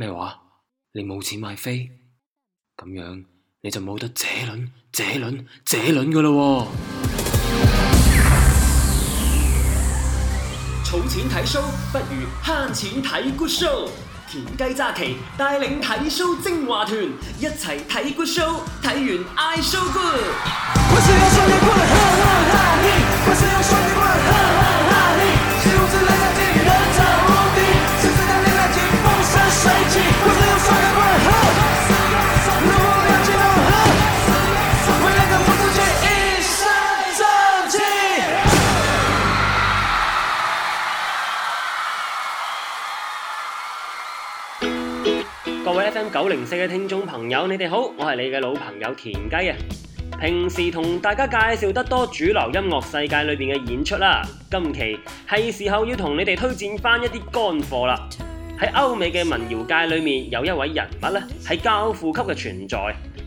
咩話？你冇錢買飛，咁樣你就冇得這輪、這輪、這輪噶啦！㖏，儲錢睇 show 不如慳錢睇 good show。田雞揸旗帶領睇 show 精華團，一齊睇 good show，睇完嗌 show good。 FM 九零四嘅聽眾朋友，你哋好，我係你嘅老朋友田雞啊！平時同大家介紹得多主流音樂世界裏邊嘅演出啦，今期係時候要同你哋推薦翻一啲乾貨啦。喺歐美嘅民謠界裏面，有一位人物咧係教父級嘅存在，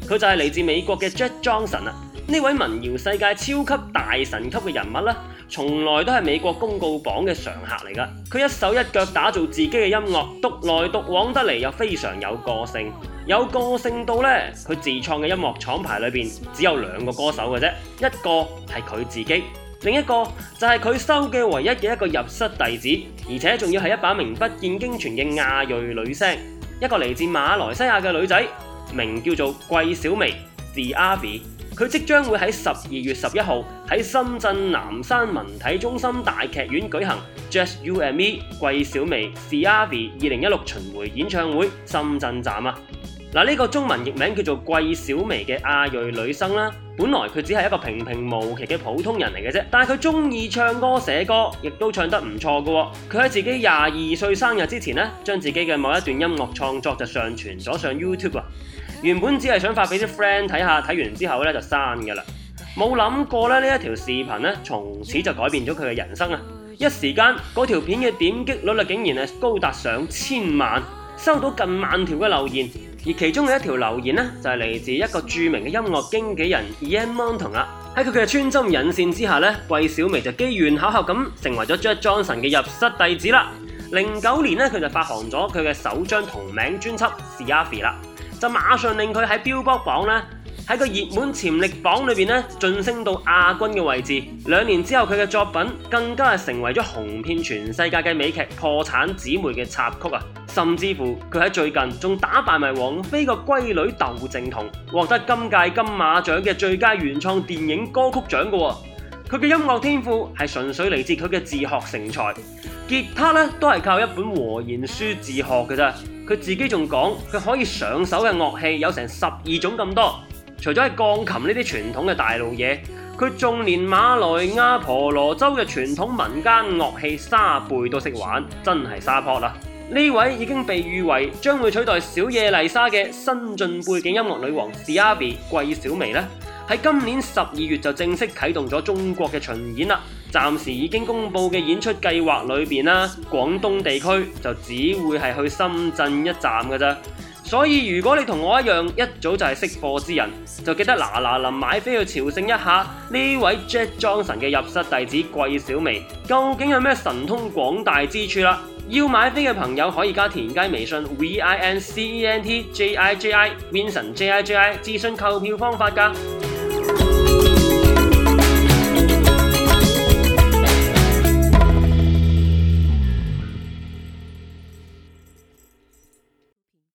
佢就係嚟自美國嘅 Jack Johnson 啊！呢位民謠世界超級大神級嘅人物啦。從來都係美國公告榜嘅常客嚟㗎，佢一手一腳打造自己嘅音樂，獨來獨往得嚟又非常有個性。有個性到呢，佢自創嘅音樂廠牌裏面，只有兩個歌手嘅啫，一個係佢自己，另一個就係佢收嘅唯一嘅一個入室弟子，而且仲要係一把名不見經傳嘅亞裔女聲，一個嚟自馬來西亞嘅女仔，名叫做季小薇，是 Zee Avi 佢即將會喺十二月十一號喺深圳南山文體中心大劇院舉行 j u s t UME 季小薇 Zee Avi 二零一六巡迴演唱會深圳站啊！嗱，呢個中文譯名叫做季小薇嘅亞裔女生啦，本來佢只係一個平平無奇嘅普通人嚟嘅啫，但係佢中意唱歌寫歌，亦都唱得唔錯嘅。佢喺自己廿二歲生日之前呢，將自己嘅某一段音樂創作就上傳咗上 YouTube 啊！原本只係想發俾啲 friend 睇下，睇完之後咧就刪噶啦，冇諗過咧呢一條視頻咧從此就改變咗佢嘅人生啊！一時間嗰條片嘅點擊率竟然係高達上千萬，收到近萬條嘅留言，而其中嘅一條留言咧就係、是、嚟自一個著名嘅音樂經紀人 Ian Montone 啊！喺佢嘅穿針引線之下呢季小薇就機緣巧合咁成為咗 Jack Johnson 嘅入室弟子啦。零九年咧佢就發行咗佢嘅首張同名專輯《Zee Avi》啦。就馬上令佢喺 Billboard 榜咧，喺個熱門潛力榜裏邊咧晉升到亞軍嘅位置。兩年之後佢嘅作品更加係成為咗紅遍全世界嘅美劇《破產姊妹》嘅插曲啊！甚至乎佢喺最近仲打敗埋王菲個閨女竇靖童，獲得今屆金馬獎嘅最佳原創電影歌曲獎嘅喎、啊。佢嘅音樂天賦係純粹嚟自佢嘅自學成才。吉他咧都係靠一本和弦書自學嘅啫。佢自己仲講，佢可以上手嘅樂器有成十二種咁多，除咗係鋼琴呢啲傳統嘅大路嘢，佢仲連馬來亞婆羅洲嘅傳統民間樂器沙貝都識玩，真係沙潑啦！呢位已經被譽為將會取代小野麗莎嘅新晉背景音樂女王，Zee Avi 季小薇呢，喺今年十二月就正式啟動咗中國嘅巡演啦。暫時已經公佈嘅演出計劃裏邊啦，廣東地區就只會係去深圳一站嘅啫。所以如果你同我一樣一早就係識貨之人，就記得嗱嗱臨買飛去朝聖一下呢位 Jack Johnson 嘅入室弟子季小薇，究竟有咩神通廣大之處啦？要買飛嘅朋友可以加田雞微信 v i n c e n t j i j i Win 神 j i j i 諮詢購票方法㗎。